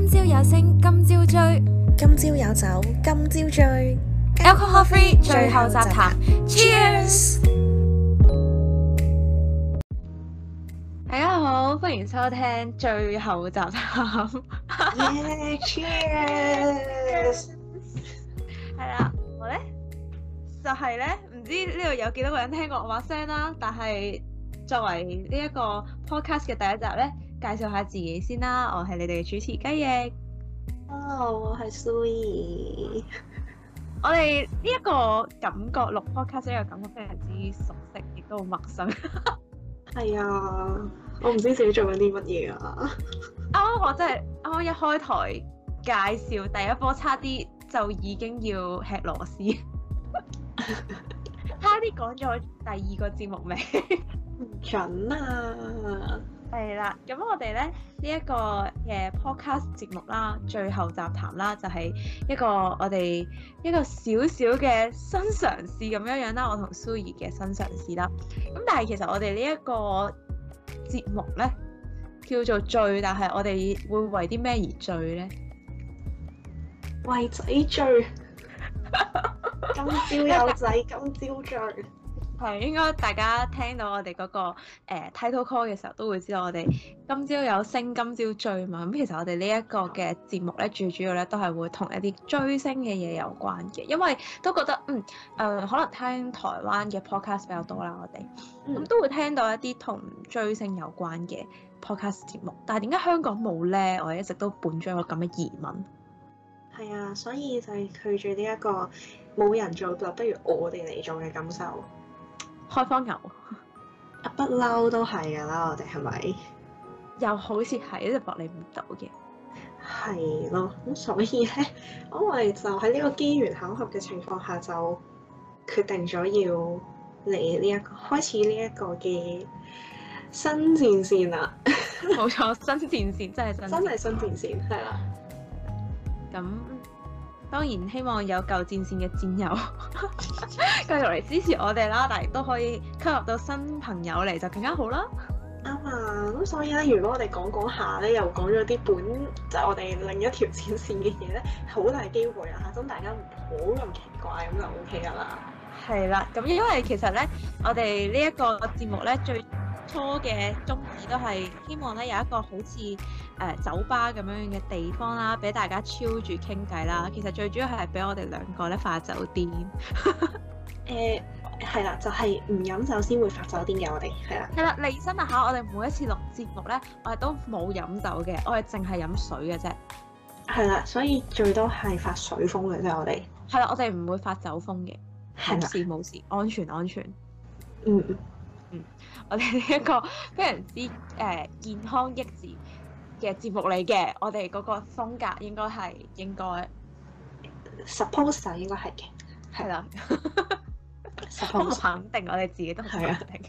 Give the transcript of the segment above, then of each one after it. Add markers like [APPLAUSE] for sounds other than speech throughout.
今朝有星，今朝追；今朝有酒，今朝醉。Alcohol Free 最後集談，Cheers！大家好，歡迎收聽最後集談，Cheers！係啦，我咧就係咧，唔知呢度有幾多個人聽過我把聲啦，但係作為呢一個 podcast 嘅第一集咧。介紹下自己先啦，我係你哋嘅主持雞翼。Hello，我係蘇 e，我哋呢一個感覺錄 podcast 嘅感覺非常之熟悉，亦都好陌生。係 [LAUGHS] 啊、哎，我唔知自己做緊啲乜嘢啊！啱 [LAUGHS] 啱、oh, 我真係啱啱一開台介紹第一波差，差啲就已經要吃螺絲。 [LAUGHS] [LAUGHS] [LAUGHS] 差啲講咗第二個節目未？唔 [LAUGHS] 準啊！係啦，咁我哋咧呢一個嘅 podcast 節目啦，最後集談啦，就係一個我哋一個小小嘅新嘗試咁樣樣啦。我同蘇怡嘅新嘗試啦。咁但係其實我哋呢一個節目呢，叫做「醉」，但係我哋會為啲咩而「醉」呢？為仔醉， [LAUGHS] 今朝有仔， [LAUGHS] 今朝醉。係應該大家聽到我哋嗰、那個、呃、title call 嘅時候，都會知道我哋今朝有星，今朝追嘛。咁其實我哋呢一個嘅節目咧，最主要咧都係會同一啲追星嘅嘢有關嘅，因為都覺得嗯誒、呃，可能聽台灣嘅 podcast 比較多啦，我哋咁、嗯嗯、都會聽到一啲同追星有關嘅 podcast 節目。但係點解香港冇咧？我哋一直都伴住一個咁嘅疑問。係啊，所以就係拒絕呢、這、一個冇人做就不如我哋嚟做嘅感受。開荒牛，啊不嬲都係㗎啦，我哋係咪？又好似係一隻搏你唔到嘅，係咯。咁所以咧，我哋就喺呢個機緣巧合嘅情況下，就決定咗要嚟呢一個開始呢一個嘅新戰線啦。冇錯，新戰線真係新，真係新戰線，係啦 [LAUGHS] 。咁。 [LAUGHS] 嗯當然，希望有舊戰線嘅戰友 [LAUGHS] 繼續嚟支持我哋啦，但亦都可以吸納到新朋友嚟就更加好啦。啱啊、嗯，咁所以咧，如果我哋講講下咧，又講咗啲本即係、就係、我哋另一條戰線嘅嘢咧，好大機會啊！咁大家唔好咁奇怪，咁就 O K 噶啦。係啦，咁因為其實咧，我哋呢一個節目咧最初嘅宗旨都係希望咧有一個好似誒、呃、酒吧咁樣嘅地方啦，俾大家超住傾偈啦。其實最主要係俾我哋兩個咧發酒癲。誒係啦，就係唔飲酒先會發酒癲嘅，我哋係啦。係啦，釐真下，我哋每一次錄節目咧，我哋都冇飲酒嘅，我哋淨係飲水嘅啫。係啦，所以最多係發水風嘅啫，我哋係啦。我哋唔會發酒風嘅，冇事冇事，了安全安全。嗯。我哋呢一個非常之誒、uh, 健康益智嘅節目嚟嘅，我哋嗰個風格應該係應該 suppose 應該係嘅，係啦，suppose 肯定我哋自己都肯定，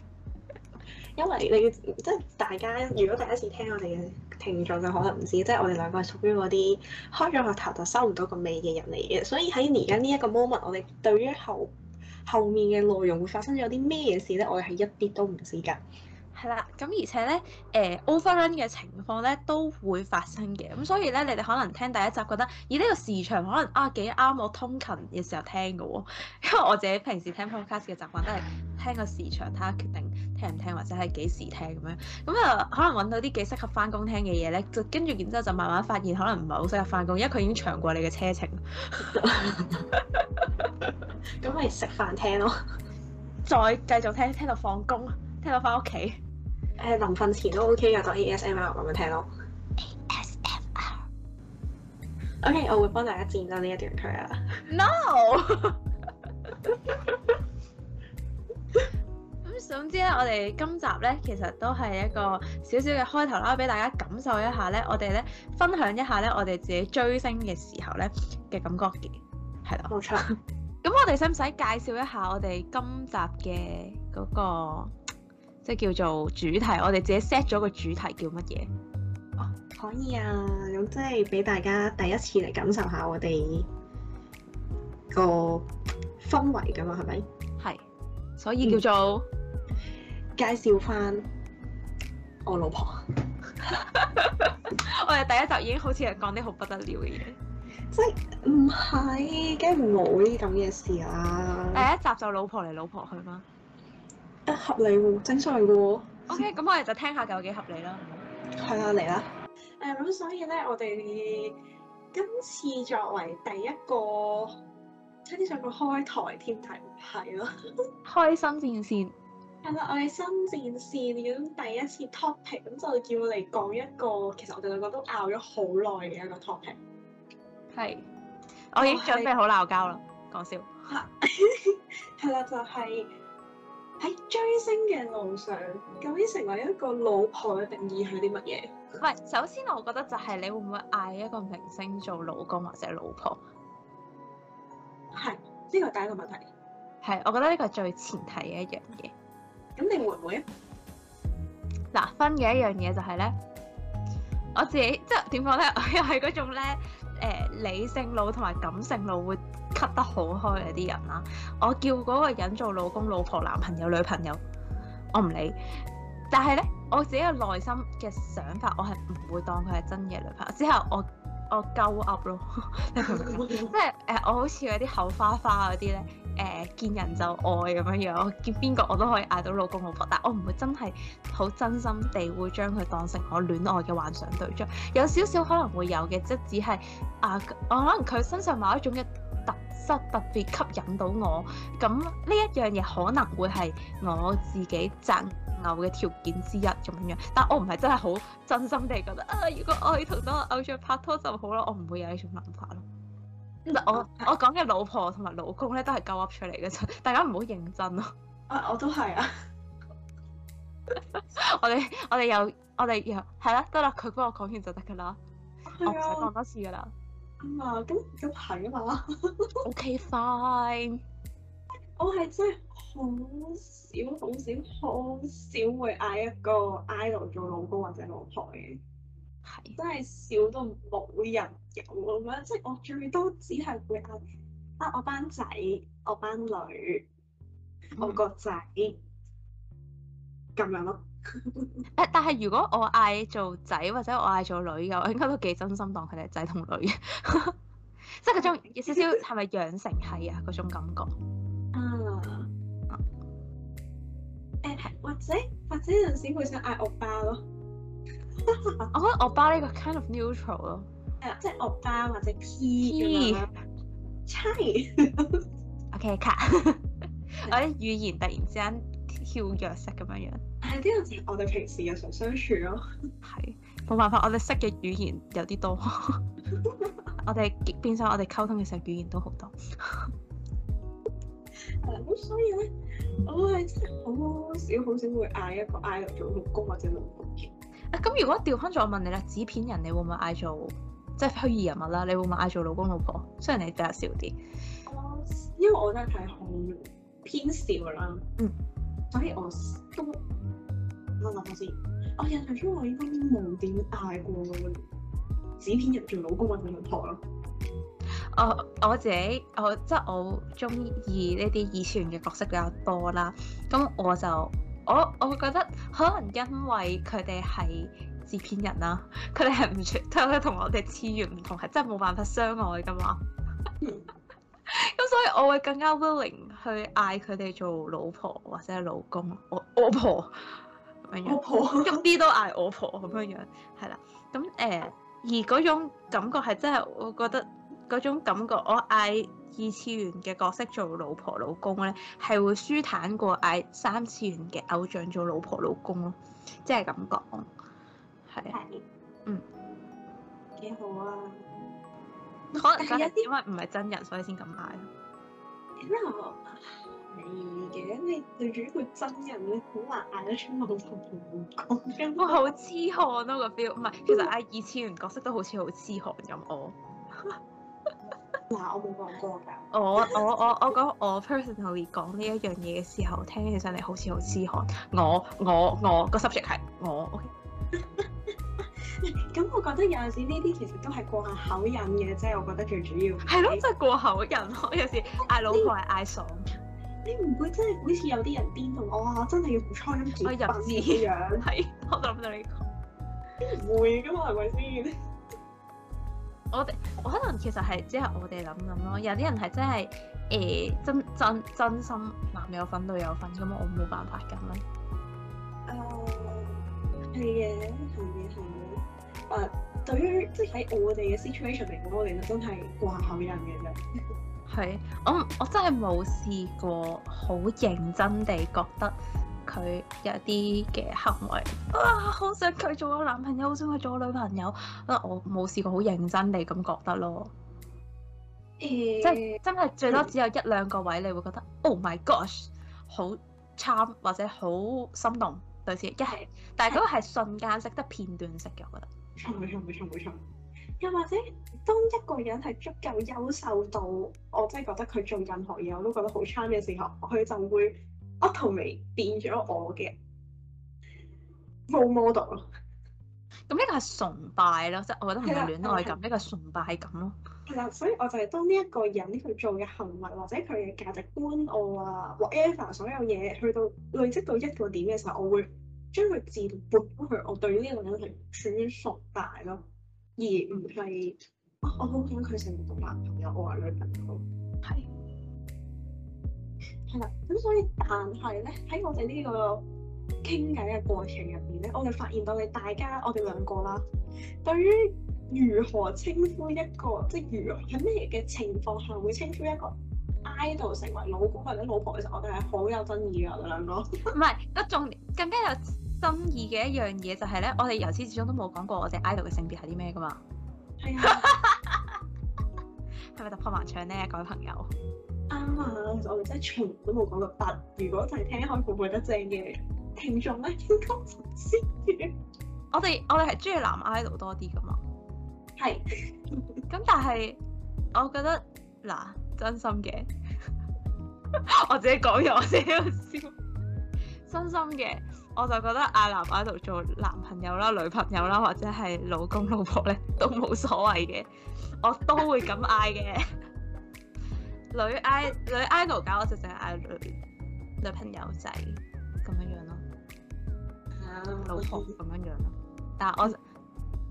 因為你即係、就是、大家如果第一次聽我哋嘅聽眾就可能唔知，即、就、係、是、我哋兩個係屬於嗰啲開咗個頭就收唔到個尾嘅人嚟嘅，所以喺而家呢一個 moment，我哋對於後後面嘅內容會發生咗啲咩嘢事咧？我係一啲都唔知噶。係啦，咁、嗯、而且咧，誒 overrun 嘅情況咧都會發生嘅，咁、嗯、所以咧，你哋可能聽第一集覺得，以呢個時長可能啊幾啱我通勤嘅時候聽嘅喎、哦，因為我自己平時聽 podcast 嘅習慣都係聽個時長，睇下決定聽唔聽或者係幾時聽咁樣，咁、嗯、啊、嗯、可能揾到啲幾適合翻工聽嘅嘢咧，就跟住然之後就慢慢發現可能唔係好適合翻工，因為佢已經長過你嘅車程，咁咪食飯聽咯、哦，再繼續聽聽到放工，聽到翻屋企。誒臨瞓前都 OK 㗎，讀 A S M R 咁樣聽咯。A S M R，OK，我會幫大家剪咗呢一段區啊。No。咁總之咧，我哋今集咧其實都係一個少少嘅開頭啦，俾大家感受一下咧，我哋咧分享一下咧，我哋自己追星嘅時候咧嘅感覺嘅，係啦，冇錯。咁我哋使唔使介紹一下我哋今集嘅嗰個？即係叫做主題，我哋自己 set 咗個主題叫乜嘢？哦、啊，可以啊，咁即係俾大家第一次嚟感受下我哋個氛圍㗎嘛，係咪？係，所以叫做、嗯、介紹返我老婆。 [LAUGHS] 我哋第一集已經好似係講啲好不得了嘅嘢，即係唔係？驚唔好呢啲咁嘅事啊！第一集就老婆嚟，老婆去嘛～合理喎，正常喎。OK，咁我哋就聽下究竟有幾合理啦。係啊，嚟啦。誒，咁所以咧，我哋今次作為第一個，差啲想講開台添，睇，係咯。開心戰線。係啦，我哋新戰線咁第一次 topic，咁就叫嚟講一個，其實我哋兩個都拗咗好耐嘅一個 topic。係。我已經準備好鬧交啦，講笑。係啦，就係。喺追星嘅路上，究竟成為一個老婆嘅定義係啲乜嘢？唔係，首先我覺得就係你會唔會嗌一個明星做老公或者老婆？係，呢個係第一個問題。係，我覺得呢個係最前提嘅一樣嘢。咁你會唔會？嗱、啊，分嘅一樣嘢就係、是、咧，我自己即係點講咧？我又係嗰種咧。誒理性腦同埋感性腦會 cut 得好開嗰啲人啦，我叫嗰個人做老公、老婆、男朋友、女朋友，我唔理。但係咧，我自己嘅內心嘅想法，我係唔會當佢係真嘅女朋友。之後我我鳩噏咯，即係誒，我好似有啲口花花嗰啲咧。誒、呃、見人就愛咁樣樣，見邊個我都可以嗌到老公老婆，但我唔會真係好真心地會將佢當成我戀愛嘅幻想對象，有少少可能會有嘅，即只係啊，我可能佢身上某一種嘅特質特別吸引到我，咁呢一樣嘢可能會係我自己擇偶嘅條件之一咁樣，但我唔係真係好真心地覺得啊，如果我同到偶像拍拖就好啦，我唔會有呢種諗法咯。我我講嘅老婆同埋老公咧，都係鳩噏出嚟嘅啫，大家唔好認真咯。啊，我都係啊！ [LAUGHS] [LAUGHS] 我哋我哋又我哋又係咯，得啦，佢幫我講完就得噶啦，唔使講多次噶啦。啊，咁咁睇啊嘛。 [LAUGHS] o、okay, k fine。我係真係好少好少好少會嗌一個 idol 做老公或者老婆嘅。真係少到冇人有咁樣，即係我最多只係會嗌，嗌我班仔、我班女、我個仔咁樣咯。誒， [LAUGHS] 但係如果我嗌做仔或者我嗌做女嘅，我應該都幾真心當佢哋係仔同女，即係嗰種有少少係咪養成係啊嗰種感覺。嗯、啊。誒、啊欸，或者或者有陣時會想嗌我爸，爸咯。我覺得我包呢個 kind of neutral 咯，係即係我包或者 P，P，係，OK 卡，我啲語言突然之間跳躍式咁樣樣，係啲我哋我哋平時日常相處咯，係冇辦法，我哋識嘅語言有啲多，我哋變相我哋溝通嘅時候語言都好多，係啊，所以咧我係真好少好少會嗌一個嗌嚟做老公或者老婆。咁、啊、如果調翻咗我問你咧，紙片人你會唔會嗌做即係虛擬人物啦？你會唔會嗌做老公老婆？雖然你比較少啲，因為我真係睇好偏少啦。嗯，所以我都諗下先。我印象中我應該冇點大過紙片人做老公或者老婆咯。我我自己，我即係我中意呢啲以前嘅角色比較多啦。咁我就。我我會覺得可能因為佢哋係紙片人啦、啊，佢哋係唔同，同我哋次元唔同，係真係冇辦法相愛噶嘛。咁 [LAUGHS] 所以我會更加 willing 去嗌佢哋做老婆或者老公，我我婆咁我婆一啲 [LAUGHS] 都嗌我婆咁樣樣，係啦。咁誒、呃，而嗰種感覺係真係我覺得嗰種感覺，我嗌二次元嘅角色做老婆老公咧，係會舒坦過嗌三次元嘅偶像做老婆老公咯，即係咁講，係啊，嗯，幾好啊！可能一因為唔係真人，所以先咁嗌。點解？係嘅，你對住一個真人咧，你好難嗌得出老婆老公，根本好 [LAUGHS] [LAUGHS] [LAUGHS] 痴汗咯個 feel。唔係，其實嗌 [LAUGHS] 二次元角色都好似好痴汗咁，我。 [LAUGHS] 嗱、啊，我冇講過㗎。 [LAUGHS] [LAUGHS] 我我我我講我 personally 講呢一樣嘢嘅時候，聽起上嚟好似好痴憨。我我我個 subject 係我。咁我，我，okay. [LAUGHS] 嗯、我覺得有陣時呢啲其實都係過下口癮嘅啫。我覺得最主要係咯，即係、就是、過口癮。有時嗌老婆係嗌爽。你唔會真係好似有啲人癲到、哦，我真係要唔粗音字入字樣。係 [LAUGHS] 知、 [LAUGHS] 嗯，我唔好？唔好你講。 [LAUGHS] 會嘛，奇怪先？我哋，我可能其實係只係我哋諗諗咯，有啲人係真係誒、欸、真真真心男友粉女友粉，咁我冇辦法噶嘛。誒係嘅，係嘅，係嘅。誒、啊、對於即係喺我哋嘅 situation 嚟講，我哋真係掛口人嘅啫。係 [LAUGHS] 我我真係冇試過好認真地覺得。佢有一啲嘅行為，哇、啊！好想佢做我男朋友，好想佢做我女朋友。可我冇試過好認真地咁覺得咯，欸、即係真係最多只有一兩個位，你會覺得 Oh my gosh，好 charm 或者好心動類似。一係，yeah 欸、但係嗰個係瞬間式，得片段式嘅，我覺得。冇錯，冇錯，冇錯。又或者，當一個人係足夠優秀到，我真係覺得佢做任何嘢我都覺得好 charm 嘅時候，佢就會。頭我同未變咗我嘅 model 咯，咁呢個係崇拜咯，即係我覺得唔係戀愛感，呢個崇拜感咯。係啊，所以我就係當呢一個人佢做嘅行為或者佢嘅價值觀我啊 whatever 所有嘢去到累積到一個點嘅時候，我會將佢自動撥咗去我對呢個人係尊崇拜咯，而唔係、哦、我好想佢成為我男朋友我話女朋友係。係啦，咁所以但係咧，喺我哋呢個傾偈嘅過程入邊咧，我哋發現到你大家，我哋兩個啦，對於如何稱呼一個，即係如何喺咩嘅情況下會稱呼一個 idol 成為老公或者老婆嘅時候，我哋係好有爭議嘅。我哋兩個唔係，我 [LAUGHS] 仲更加有爭議嘅一樣嘢就係咧，我哋由始至終都冇講過我哋 idol 嘅性別係啲咩噶嘛。係呀，係咪突破盲腸呢？各位朋友？啱啊！嗯、我哋真係全部都冇講到八。如果就係聽開《富貴得正》嘅聽眾咧，應該唔知 [LAUGHS] 我哋我哋係中意男 idol 多啲噶嘛？係。咁但係我覺得嗱，真心嘅， [LAUGHS] 我自己講完我先笑。真心嘅，我就覺得嗌男 idol 做男朋友啦、女朋友啦，或者係老公老婆咧，都冇所謂嘅，我都會咁嗌嘅。 [LAUGHS] 女 i 女 idol 搞我就淨係嗌女女朋友仔咁樣樣咯，老婆咁樣樣咯。但係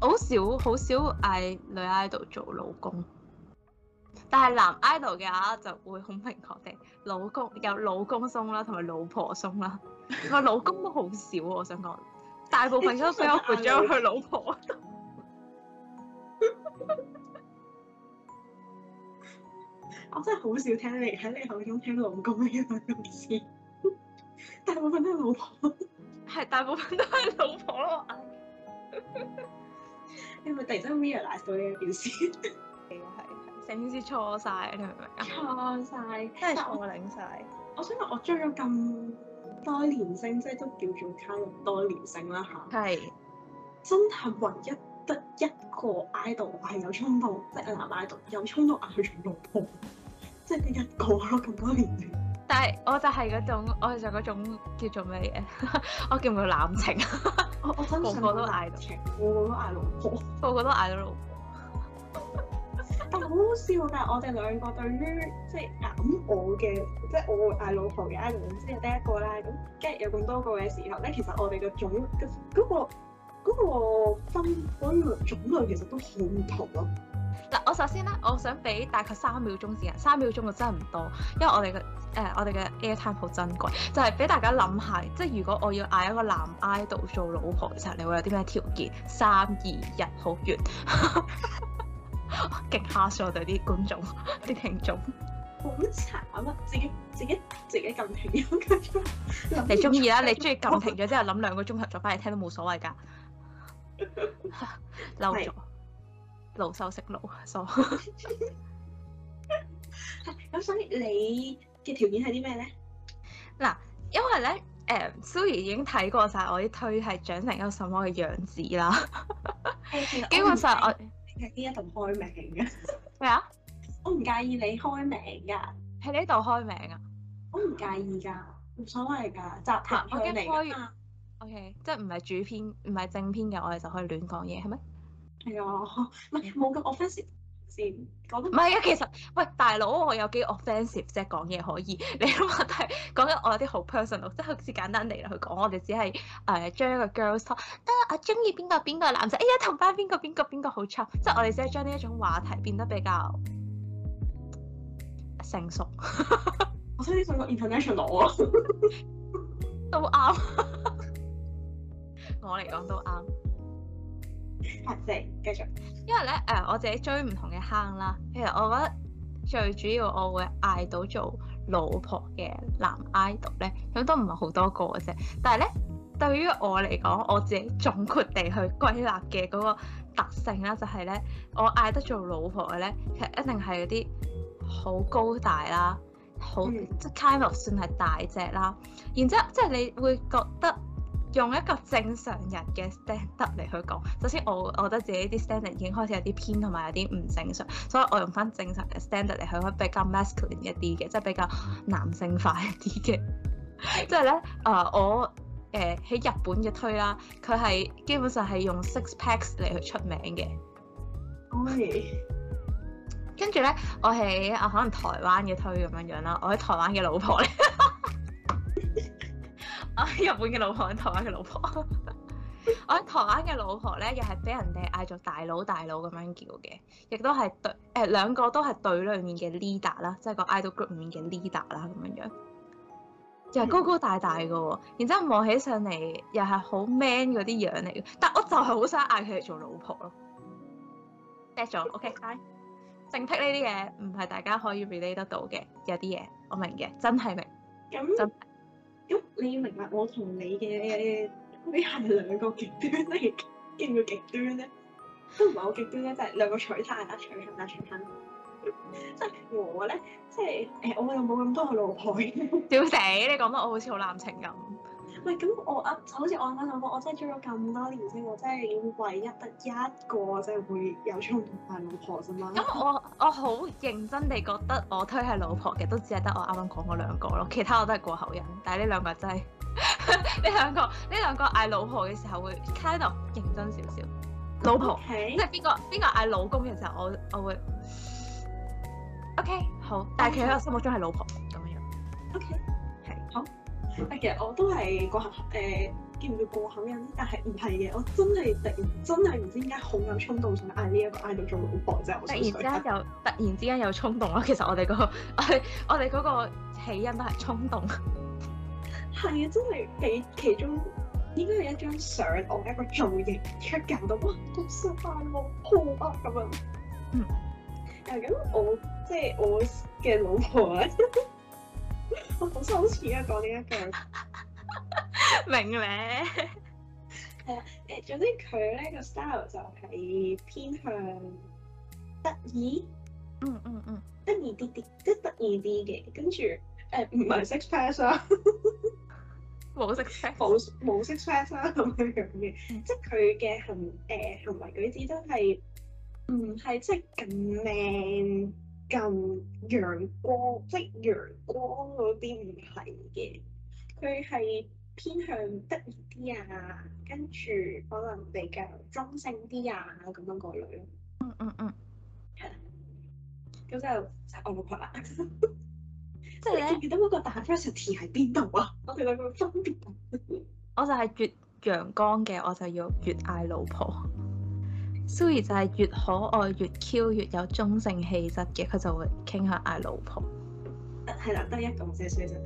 我好少好少嗌女 idol 做老公，但係男 idol 嘅話，就會好明確地：老公有老公松啦，同埋老婆松啦。個老公都好少，我想講，大部分都俾我陪咗佢老婆。我真係好少聽你喺你口中聽老公呢樣嘢，大部分都係老婆，係大部分都係老婆咯。你咪突然間 realise 到呢件事，係係成件事錯晒。你明唔明？了我錯曬，得我領晒。我想問，我追咗咁多年星， [LAUGHS] 即係都叫做卡入多年星啦嚇，係 [LAUGHS] 是真係唯一得一個 idol 係有衝動，即、就、係、是、男 idol 有衝動嗌佢做老婆。 [LAUGHS] 即係一個咯，咁多年。但係我就係嗰種，我係就嗰種叫做咩嘢？ [LAUGHS] [LAUGHS] 我叫唔叫濫情？個個都嗌情，個個都嗌老婆，個個都嗌到老婆。 [LAUGHS] 但係好好笑，但係我哋兩個對於即係嗌我嘅，即係我會嗌、就係、老婆嘅，嗌完先得一個啦。咁跟住有咁多個嘅時候咧，其實我哋、嗰個種嗰嗰個分分量種類其實都好唔同咯。嗱，我首先咧，我想俾大概三秒鐘時間，三秒鐘嘅真係唔多，因為我哋嘅誒，我哋嘅 airtime 好珍貴，就係俾大家諗下，即係如果我要嗌一個男 idol 做老婆，其實你會有啲咩條件？三二一，好 [LAUGHS] 遠，勁嚇死啲觀眾啲聽眾，好慘啊！自己自己自己撳停咁。 [LAUGHS] 你中意啦，你中意撳停咗之後諗兩 [LAUGHS] 個鐘頭再翻嚟聽都冇所謂㗎，嬲 [LAUGHS] 咗了。露手食露，傻。咁、so、 [LAUGHS] [LAUGHS] 所以你嘅條件係啲咩咧？嗱，因為咧，誒 Suri 已經睇過晒我啲腿係長成一個什麼嘅樣子啦。基本上我喺呢一度開名嘅。咩啊？我唔介意你開名㗎。喺呢度開名啊？我唔介意㗎，冇所謂㗎，雜談嚟。我驚開完。啊、o、OK、K，即係唔係主編，唔係正篇嘅，我哋就可以亂講嘢，係咪？係、哎、啊，唔係冇咁 offensive 先講。唔係啊，其實喂，大佬我有幾 offensive 即係講嘢可以。你話題講緊我有啲好 personal，即係好似簡單地去講，我哋只係誒、呃、將一個 girls talk 個。啊，我中意邊個邊個男仔，哎呀同班邊個邊個邊個好差。即係我哋只係將呢一種話題變得比較成熟。 [LAUGHS] 我想呢想講 international 啊、哦 [LAUGHS] 都對，都啱。我嚟講都啱。第四， [LAUGHS] 繼續。因為咧誒、呃，我自己追唔同嘅坑啦，其實我覺得最主要我會嗌到做老婆嘅男 idol 咧，咁都唔係好多個嘅啫。但係咧，對於我嚟講，我自己總括地去歸納嘅嗰個特性啦，就係咧，我嗌得做老婆嘅咧，其實一定係嗰啲好高大啦，好、嗯、即係 kind of 算係大隻啦。然之後即係你會覺得。用一個正常人嘅 standard 嚟去講，首先我我覺得自己啲 standard 已經開始有啲偏同埋有啲唔正常，所以我用翻正常嘅 standard 嚟去比較 masculine 一啲嘅，即係比較男性化一啲嘅。即係咧，誒、 [LAUGHS] 呃、我誒喺、呃、日本嘅推啦，佢係基本上係用 six packs 嚟去出名嘅。跟住咧，我喺啊可能台灣嘅推咁樣樣啦，我喺台灣嘅老婆咧。 [LAUGHS] 日本嘅老婆，喺台灣嘅老婆。 [LAUGHS] 我喺台灣嘅老婆咧，又係俾人哋嗌做大佬，大佬咁樣叫嘅，亦都係對誒兩、呃、個都係隊裏面嘅 leader 啦，即係個 idol group 裏面嘅 leader 啦咁樣樣，又係高高大大嘅喎。然之後望起上嚟又係好 man 嗰啲樣嚟嘅，但我就係好想嗌佢嚟做老婆咯。得咗，OK。正辟呢啲嘢唔係大家可以 relate 得到嘅，有啲嘢我明嘅，真係明。咁。 [LAUGHS] 咁你要明白我，我同你嘅呢係兩個極端嚟，邊個極端咧都唔係好極端咧？就係、是，兩個取捨啦，取捨啦，取捨即係我咧，即係誒、欸，我又冇咁多個老婆。屌 [LAUGHS] 死！你講得我好似好冷情咁。喂，係咁，我啊好似我啱啱講過，我真係追咗咁多年先，我真係唯一得一個，即係會有衝動嗌老婆啫嘛。咁我我好認真地覺得我推係老婆嘅，都只係得我啱啱講嗰兩個咯，其他我都係過口癮。但係呢兩個真係，呢 [LAUGHS] 兩個呢兩個嗌老婆嘅時候會卡到度認真少少。老婆 Okay. 即係邊個？邊個嗌老公嘅時候，我我會 OK 好，但係其實我心目中係老婆咁樣。OK。係，其實、okay，我都係過後，誒、欸，叫唔到過口癮？但係唔係嘅，我真係突然，真係唔知點解好有衝動想嗌呢一個嗌到做老婆，真係突然之間有突然之間有衝動啦。其實我哋、嗰個我哋我哋嗰個起因都係衝動。係啊，真係俾其中應該係一張相，我一個造型出搞到哇，好帥喎，好啊咁樣。嗯。誒、啊，咁我即係我嘅老婆啊。 [LAUGHS] 我好羞恥啊，講呢一句，明咩？係啊， [LAUGHS] 誒、呃，總之佢咧個 style 就係偏向得意，嗯嗯嗯，得意啲啲，都得意啲嘅。跟住，誒，唔係 sex pass 啊，冇 sex，冇冇 sex pass 啊，咁樣樣嘅，即係佢嘅行，誒，行為舉止都係唔係即係咁 m 近陽光，即係陽光嗰啲唔係嘅，佢係偏向得意啲啊，跟住可能比較中性啲啊咁樣嗰類嗯。嗯嗯嗯。係。 [LAUGHS] [LAUGHS] 咁就就我唔覺得。即係你，記得嗰個大 diversity 喺邊度啊？我哋兩個分別 [LAUGHS] 我。我就係越陽光嘅，我就要越嗌老婆。Suri 就係越可愛越 Q 越有中性氣質嘅，佢就會傾向嗌老婆。 [NOISE] oh，係啦，得一個唔少 Suri 啫。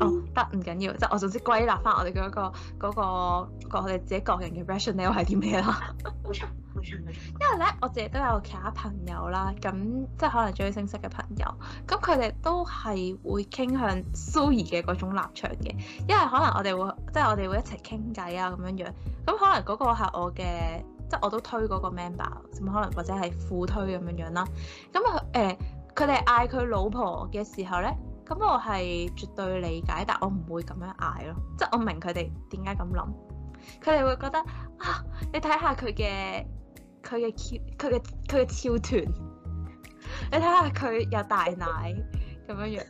哦，得唔緊要，即係我總之歸納翻我哋嗰個嗰個嗰個我哋自己個人嘅 rationale 係啲咩啦？冇錯冇錯，因為咧我自己都有其他朋友啦，咁即係可能追星識嘅朋友，咁佢哋都係會傾向 Suri 嘅嗰種立場嘅，因為可能我哋會即係我哋會一齊傾偈啊咁樣樣，咁可能嗰個係我嘅。我都推嗰個 member，咁可能或者係副推咁樣樣啦。咁啊誒，佢哋嗌佢老婆嘅時候咧，咁我係絕對理解，但我唔會咁樣嗌咯。即係我明佢哋點解咁諗，佢哋會覺得啊，你睇下佢嘅佢嘅超佢嘅佢嘅超團， [LAUGHS] 你睇下佢有大奶咁樣 [LAUGHS] 這樣，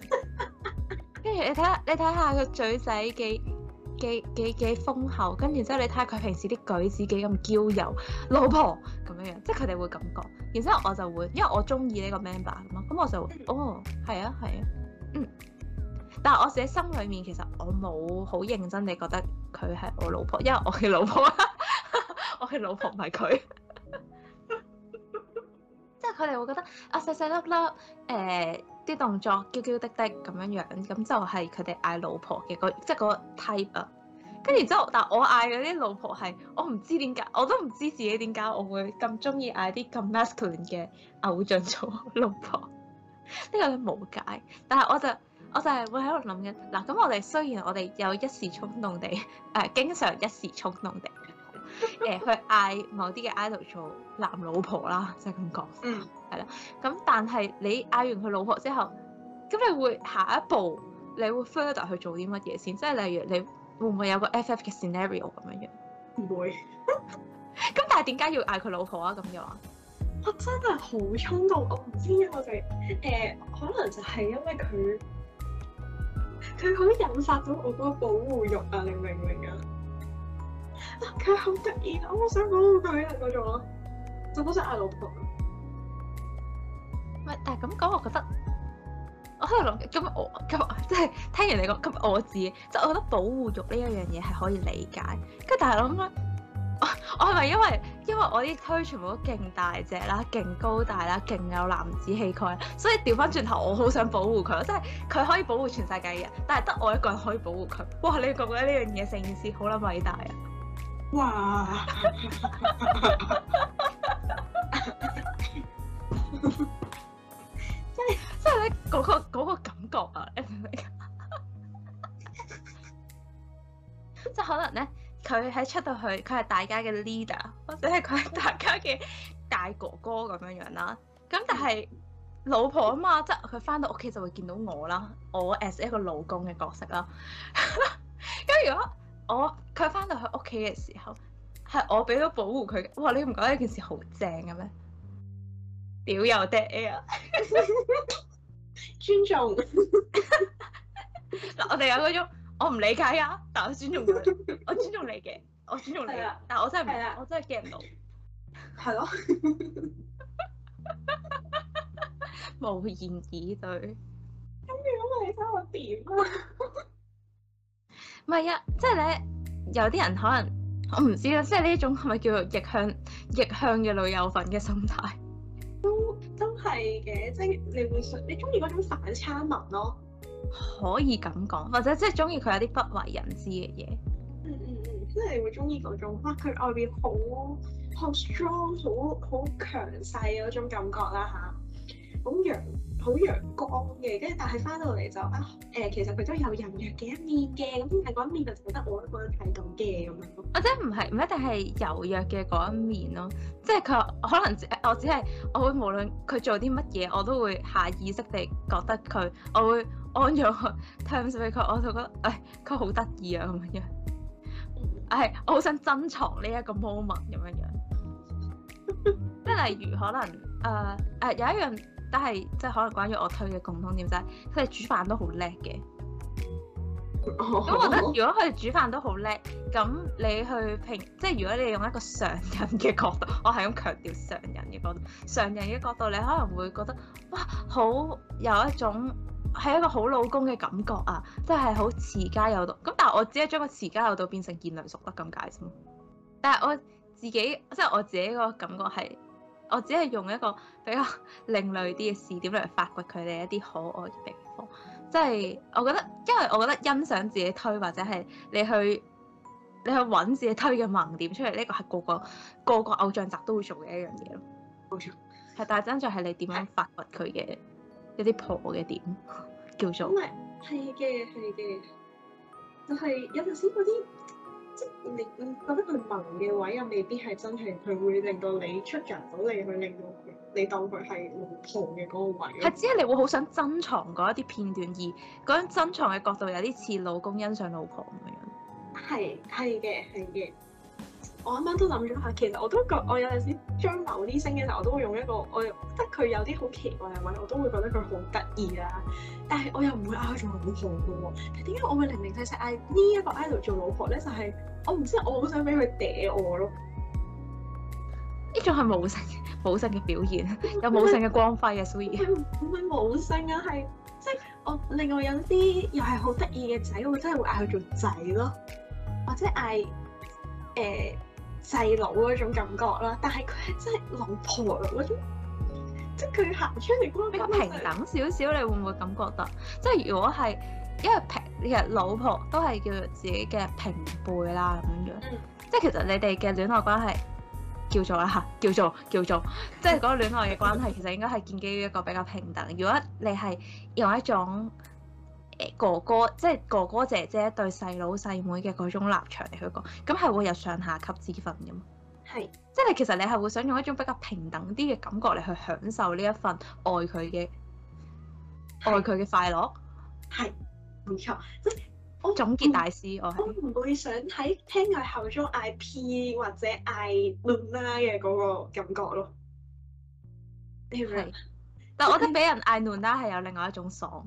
跟 [LAUGHS] 住你睇下你睇下佢嘴仔幾幾幾幾豐厚，跟住之後你睇下佢平時啲舉止幾咁嬌柔，老婆咁樣樣，即係佢哋會咁講。然之後我就會，因為我中意呢個 member 咁咯，咁我就會，哦，係啊係啊，嗯。但係我寫心裏面其實我冇好認真地覺得佢係我老婆，因為我嘅老婆啊，我嘅老婆唔係佢。即係佢哋會覺得啊細細粒粒，誒。啲動作嬌嬌滴滴咁樣樣，咁就係佢哋嗌老婆嘅即係嗰個 type 啊。跟住之後，但係我嗌嗰啲老婆係我唔知點解，我都唔知自己點解我會咁中意嗌啲咁 masculine 嘅偶像做老婆，呢 [LAUGHS] 個都無解。但係我就我就係會喺度諗緊嗱，咁我哋雖然我哋有一時衝動地誒、啊，經常一時衝動地。誒，去嗌、 [LAUGHS] 呃、某啲嘅 idol 做男老婆啦，就係咁講，係啦、嗯。咁但係你嗌完佢老婆之後，咁你會下一步你會 further 去做啲乜嘢先？即係例如你會唔會有個 FF 嘅 scenario 咁樣樣？ [LAUGHS] 唔會。 [LAUGHS] 咁但係點解要嗌佢老婆啊？咁嘅話，我真係好衝動，我唔知我哋誒，可能就係因為佢，佢好引發到我嗰個保護欲啊！你明唔明啊？佢好得意，我好想保護佢啊！嗰種就好想嗌老婆。喂，但係咁講，我覺得我喺度諗，咁我咁即係聽完你講，咁我字，即係我覺得保護欲呢一樣嘢係可以理解。跟但係諗下，我我係咪因為因為我啲推全部都勁大隻啦，勁高大啦，勁有男子氣概，所以調翻轉頭，我好想保護佢。即係佢可以保護全世界嘅人，但係得我一個人可以保護佢。哇！你覺唔覺得呢樣嘢成件事好捻偉大啊？哇！即係即係嗰個嗰個感覺啊，你明唔明？即係可能咧，佢喺出到去，佢係大家嘅 leader，或者係佢係大家嘅大哥哥咁樣樣啦。咁但係老婆啊嘛，即係佢翻到屋企就會見到我啦，我 as 一個老公嘅角色啦。咁 [LAUGHS] [LAUGHS] 如果我佢翻到佢屋企嘅時候，係我俾咗保護佢。哇！你唔覺得呢件事好正嘅咩？屌又嗲啊！尊重嗱的笑，我哋有嗰種，我唔理解啊，但我尊重佢，我尊重你嘅，我尊重你，的但我真係唔，的我真係驚到，係咯，無言以對。咁如果我你生我點啊？ [LAUGHS] 唔係啊，即係咧有啲人可能我唔知啦，即係呢一種係咪叫做逆向逆向嘅女友粉嘅心態？都都係嘅，即係你會想你中意嗰種反差文咯，可以咁講，或者即係中意佢有啲不為人知嘅嘢。嗯嗯嗯，即係你會中意嗰種，哇、啊！佢外邊好好 strong，好好強勢嗰種感覺啦吓，咁樣。好陽光嘅，跟住但係翻到嚟就啊誒，其實佢都有柔弱嘅一面嘅，咁但係嗰一面就係得我都冇得睇到嘅咁樣。或者唔係唔一定係柔弱嘅嗰一面咯，即係佢可能我只係我會無論佢做啲乜嘢，我都會下意識地覺得佢，我會按咗個 thumbs 俾佢，我就覺得誒佢好得意啊咁樣。誒，我好想珍藏呢一個 moment 咁樣樣，即係例如可能誒誒有一樣。都係即係可能關於我推嘅共通點就係佢哋煮飯都好叻嘅。咁、oh. 我覺得如果佢哋煮飯都好叻，咁你去評即係如果你用一個常人嘅角度，我係咁強調常人嘅角度，常人嘅角度你可能會覺得哇，好有一種係一個好老公嘅感覺啊，即係好持家有道。咁但係我只係將個持家有道變成賢良淑德咁解啫嘛。但係我自己即係我自己個感覺係。我只係用一個比較另類啲嘅視點嚟發掘佢哋一啲可愛嘅地方，即係我覺得，因為我覺得欣賞自己推或者係你去你去揾自己推嘅盲點出嚟，呢、呢個係個個個個偶像宅都會做嘅一樣嘢咯。係， [LAUGHS] 但真爭在係你點樣發掘佢嘅一啲破嘅點叫做。唔係， [LAUGHS] 係嘅，就係有陣時啲。即你，你覺得佢萌嘅位又未必係真係，佢會令到你出人所料去令到佢。你當佢係老婆嘅嗰個位，係，只係你會好想珍藏嗰一啲片段，而嗰樣珍藏嘅角度有啲似老公欣賞老婆咁樣。係，係嘅係嘅，我啱啱都諗咗下，其實我都覺我有陣時。將某啲星嘅時候，我都會用一個，我覺得佢有啲好奇怪嘅位，我都會覺得佢好得意啊。但係我又唔會嗌佢做老婆嘅喎。點解我會零零細細嗌呢一個 idol 做老婆咧？就係、是、我唔知，我好想俾佢嗲我咯。呢種係母性母性嘅表現，是有母性嘅光輝嘅蘇怡。唔係母性啊，係即係我另外有啲又係好得意嘅仔，我真係會嗌佢做仔咯，或者嗌誒。呃細佬嗰種感覺啦，但係佢係真係老婆嗰種，即係佢行出嚟關係比較平等少少，你會唔會感覺到？即係如果係因為平，其實老婆都係叫做自己嘅平輩啦咁樣，即係其實你哋嘅戀愛關係叫做嚇，叫做叫做，即係嗰個戀愛嘅關係其實應該係建基於一個比較平等。如果你係用一種誒哥哥，即係哥哥姐姐對細佬細妹嘅嗰種立場嚟去講，咁係會有上下級之分嘅嘛？係是，即係其實你係會想用一種比較平等啲嘅感覺嚟去享受呢一份愛佢嘅愛佢嘅快樂。係，冇錯。即係我總結大師，我我唔會想喺聽佢口中嗌 P 或者嗌暖拉嘅嗰個感覺咯。係，但係我覺得俾人嗌暖拉係有另外一種爽。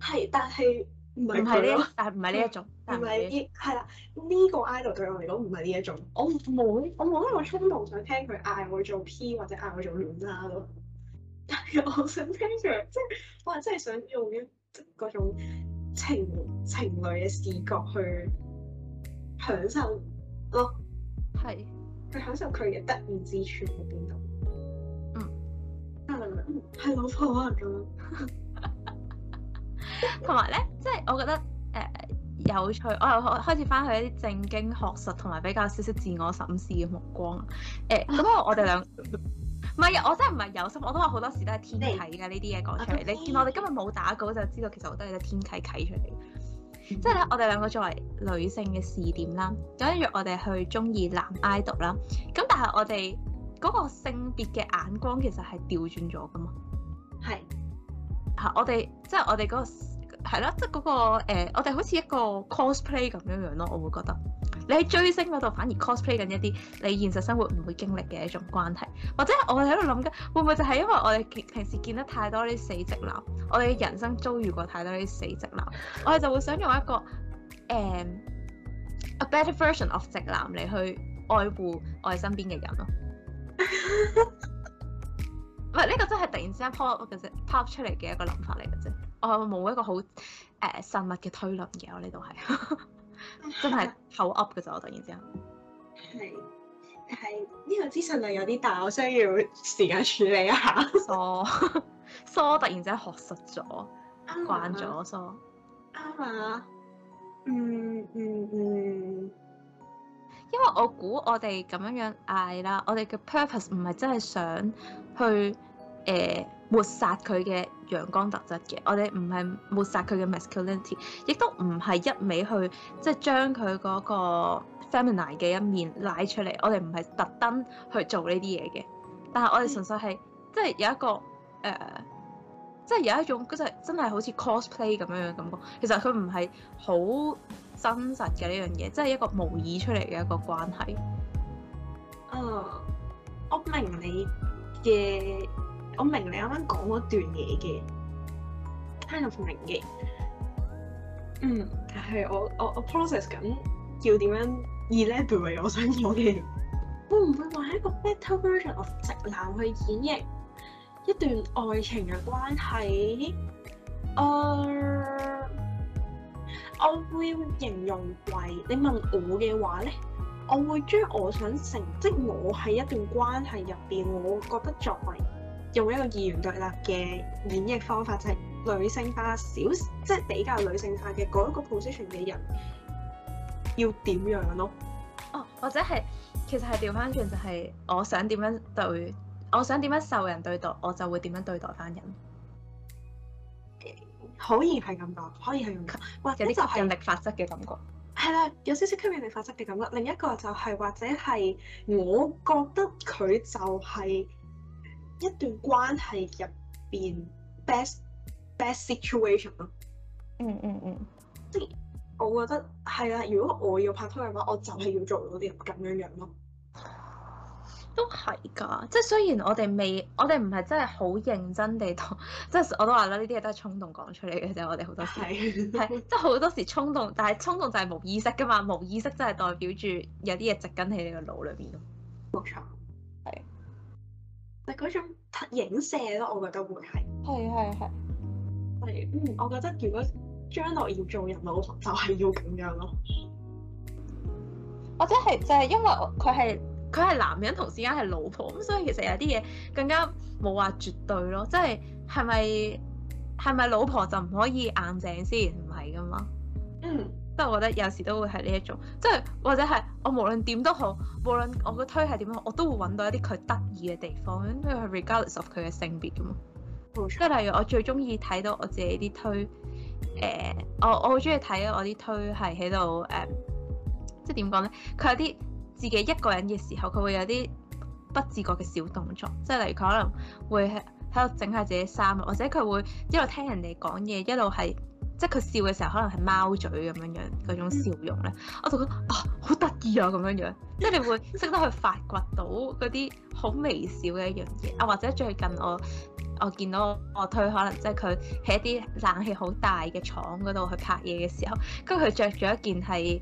係，但係唔係佢咯。但係唔係呢一種，唔係啲，係啦， [LAUGHS] 呢、呢個 idol 對我嚟講唔係呢一種。我冇，我冇呢個衝動想聽佢嗌我做 P 或者嗌我做暖啦。咯。但係我想聽佢，即係我係真係想用一嗰種情情侶嘅視角去享受咯。係、哦，是去享受佢嘅得意之處。嗯，嗯，係老婆啊，咁樣、啊。 [LAUGHS] 同埋咧，即係我覺得誒、呃、有趣，我又開始翻去一啲正經學術，同埋比較少少自我審視嘅目光誒。咁、呃、啊， [LAUGHS] 我哋兩唔係啊，我真係唔係有心，我都話好多時都係天啟㗎，呢啲嘢講出嚟。你見我哋今日冇打稿，就知道其實好多嘢都係天啟啟出嚟。即係咧，我哋兩個作為女性嘅視點啦，咁跟住我哋去中意男 idol 啦。咁但係我哋嗰個性別嘅眼光其實係調轉咗噶嘛。我哋即係我哋嗰個係啦，即係嗰個誒，我哋好似一個 cosplay 咁樣樣咯，我會覺得你喺追星嗰度反而 cosplay 緊一啲你現實生活唔會經歷嘅一種關係，或者我哋喺度諗緊會唔會就係因為我哋平時見得太多呢啲死直男，我哋人生遭遇過太多呢啲死直男，我哋就會想用一個誒 a better version of 直男嚟去愛護我哋身邊嘅人咯。 [LAUGHS] 唔，呢個真係突然之間 pop 嘅啫，pop 出嚟嘅一個諗法嚟嘅啫。我冇一個好誒實物嘅推論嘅，我呢度係真係口噏嘅啫。我突然之間係，係呢個資訊量有啲大，我需要時間處理一下。梳，梳，突然之間學實咗，啊、慣咗梳，啱啊！嗯嗯嗯，嗯因為我估我哋咁樣樣嗌啦，我哋嘅 purpose 唔係真係想。去誒、呃、抹殺佢嘅陽光特質嘅，我哋唔係抹殺佢嘅 masculinity，亦都唔係一味去即係將佢嗰個 feminine 嘅一面拉出嚟，我哋唔係特登去做呢啲嘢嘅，但係我哋純粹係、嗯、即係有一個誒、呃，即係有一種嗰陣真係好似 cosplay 咁樣嘅感覺，其實佢唔係好真實嘅呢樣嘢，即係一個模擬出嚟嘅一個關係。嗯、哦，我明你。嘅，我明你啱啱講嗰段嘢嘅，聽得明嘅。嗯，但係我我我 process 緊要點樣 interpret 我想要嘅，會唔會話一個 better version of 直男去演繹一段愛情嘅關係？呃，我會形容為你問我嘅話咧。我會將我想成，即我喺一段關係入邊，我覺得作為用一個二元對立嘅演繹方法，就係、是、女性化少，即比較女性化嘅嗰個 position 嘅人，要點樣咯？哦，或者係其實係掉返轉，就係我想點樣對，我想點樣受人對待，我就會點樣對待返人、呃。可以係咁講，可以係用哇，或者就是、有啲吸引力法則嘅感覺。係啦， [NOISE] 有少少吸引力法則嘅感覺咯。另一個就係、係、或者係我覺得佢就係一段關係入邊 best best situation 咯。嗯嗯嗯，即 [NOISE] 係 [NOISE] 我覺得係啦。如果我要拍拖嘅話，我就係要做到啲咁樣樣咯。都係㗎，即係雖然我哋未，我哋唔係真係好認真地同，即係我都話啦，呢啲嘢都係衝動講出嚟嘅啫，我哋好多時 [LAUGHS] 即係好多時衝動，但係衝動就係無意識㗎嘛，無意識真係代表住有啲嘢積緊喺你個腦裏邊咯。冇錯，係是，但嗰種影射咯，我覺得會係，係係係，係、嗯、我覺得如果將來要做人腦，就係，就係要咁樣咯，或者係就係因為佢係。佢係男人，同時間係老婆，咁所以其實有啲嘢更加冇話絕對咯。即係係咪係咪老婆就唔可以硬淨先？唔係㗎嘛。嗯。即係我覺得有時都會係呢一種，即係或者係我無論點都好，無論我個推係點樣，我都會揾到一啲佢得意嘅地方，因為係 regardless of 佢嘅性別㗎嘛。即係、嗯、例如我最中意睇到我自己啲推，誒、呃，我我好中意睇我啲推係喺度誒，即係點講呢？佢有啲自己一個人嘅時候，佢會有啲不自覺嘅小動作，即係例如佢可能會喺度整下自己衫啊，或者佢會一路聽人哋講嘢，一路係即係佢笑嘅時候可能係貓嘴咁樣樣嗰種笑容咧，我就覺得、哦、好啊好得意啊咁樣樣，即係你會識得去發掘到嗰啲好微小嘅一樣嘢啊，或者最近我我見到我推可能即係佢喺一啲冷氣好大嘅廠嗰度去拍嘢嘅時候，跟住佢着咗一件係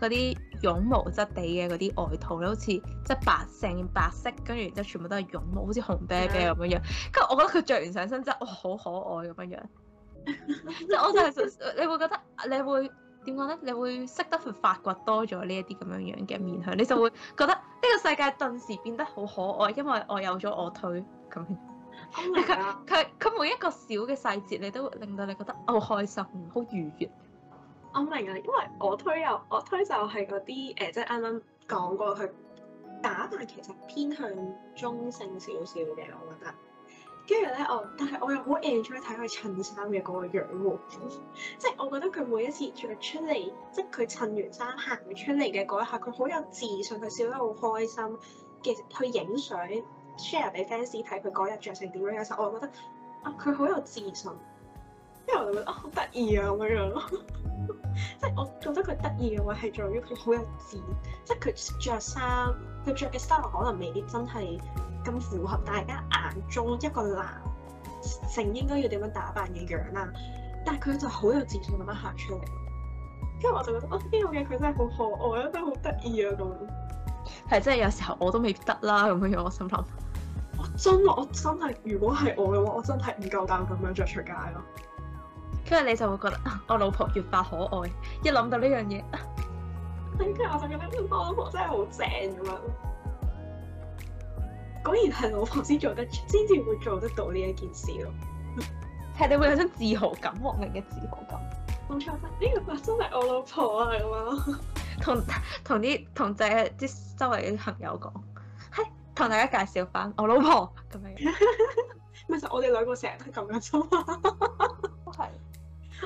嗰啲。絨毛質地嘅嗰啲外套咧，好似即係白成件白色，跟住然之後全部都係絨毛，好似紅啤啤咁樣樣。跟住我覺得佢着完上身之後哇，好可愛咁樣樣。即係我就係你會覺得你會點講咧？你會識得去發掘多咗呢一啲咁樣樣嘅面向，你就會覺得呢個世界頓時變得好可愛，因為我有咗我推。咁。佢佢、oh、my 每一個小嘅細節，你都會令到你覺得好、哦、開心，好愉悅。我明啊，因為我推又我推就係嗰啲誒，即係啱啱講過佢打扮其實偏向中性少少嘅，我覺得。跟住咧，我但係我又好 enjoy 睇佢襯衫嘅嗰個樣 [LAUGHS] 即係我覺得佢每一次着出嚟，即係佢襯完衫行出嚟嘅嗰一刻，佢好有自信，佢笑得好開心。其實去影相 share 俾 fans 睇佢嗰日着成點樣嘅時候，我覺得啊，佢好有自信。之後我就覺得、哦、好啊好得意啊咁樣樣咯， [LAUGHS] 即係我覺得佢得意嘅話係在於佢好有自，即係佢着衫，佢着嘅衫可能未必真係咁符合大家眼中一個男性應該要點樣打扮嘅樣啦，但係佢就好有自信咁樣行出嚟，跟住我就覺得啊呢、哦這個嘢佢真係好可愛啊，真係好得意啊咁。係即係有時候我都未必得啦咁樣樣，我心諗 [LAUGHS] 我真我真係如果係我嘅話，我真係唔夠膽咁樣着出街咯。跟住你就會覺得我老婆越發可愛，一諗到呢樣嘢，跟住 [LAUGHS] 我就覺得我老婆真係好正咁樣。果然係老婆先做得先至會做得到呢一件事咯。係你會有種自豪感，莫名嘅自豪感。冇錯，呢個發生真係我老婆啊咁樣。同同啲同仔啲周圍嘅朋友講，係同大家介紹翻我老婆咁樣， [LAUGHS] 樣。其實，我哋兩個成日都咁樣做。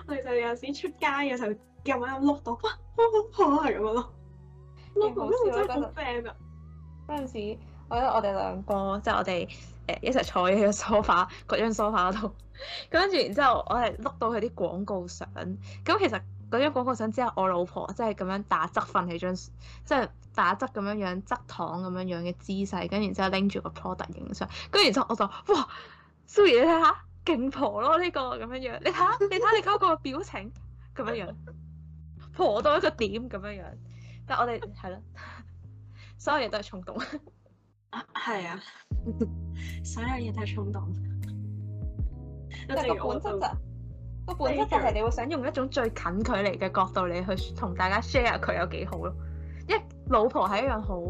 我哋就有時出街嘅時候咁啱碌到哇，到好好睇咁樣咯，碌到碌到真係好 friend 啊！嗰陣時，時我覺得我哋兩個即係、就是、我哋誒、呃、一齊坐喺個梳化，嗰張梳化嗰度，跟住然之後我係碌到佢啲廣告相，咁其實嗰張廣告相只有我老婆即係咁樣打側瞓喺張即係、就是、打側咁樣側樣側躺咁樣樣嘅姿勢，跟住之後拎住個 product 影相，跟住然之後我就哇，Suri 你睇下。勁婆咯，呢個咁樣樣，你睇下，你睇下你嗰個表情咁樣 [LAUGHS] 樣，婆到一個點咁樣樣，但係我哋係咯，所有嘢都係衝動啊，係啊，所有嘢都係衝動，但係個本質，個 [LAUGHS] 本質係你會想用一種最近距離嘅角度嚟去同大家 share 佢有幾好咯，因為老婆係一樣好。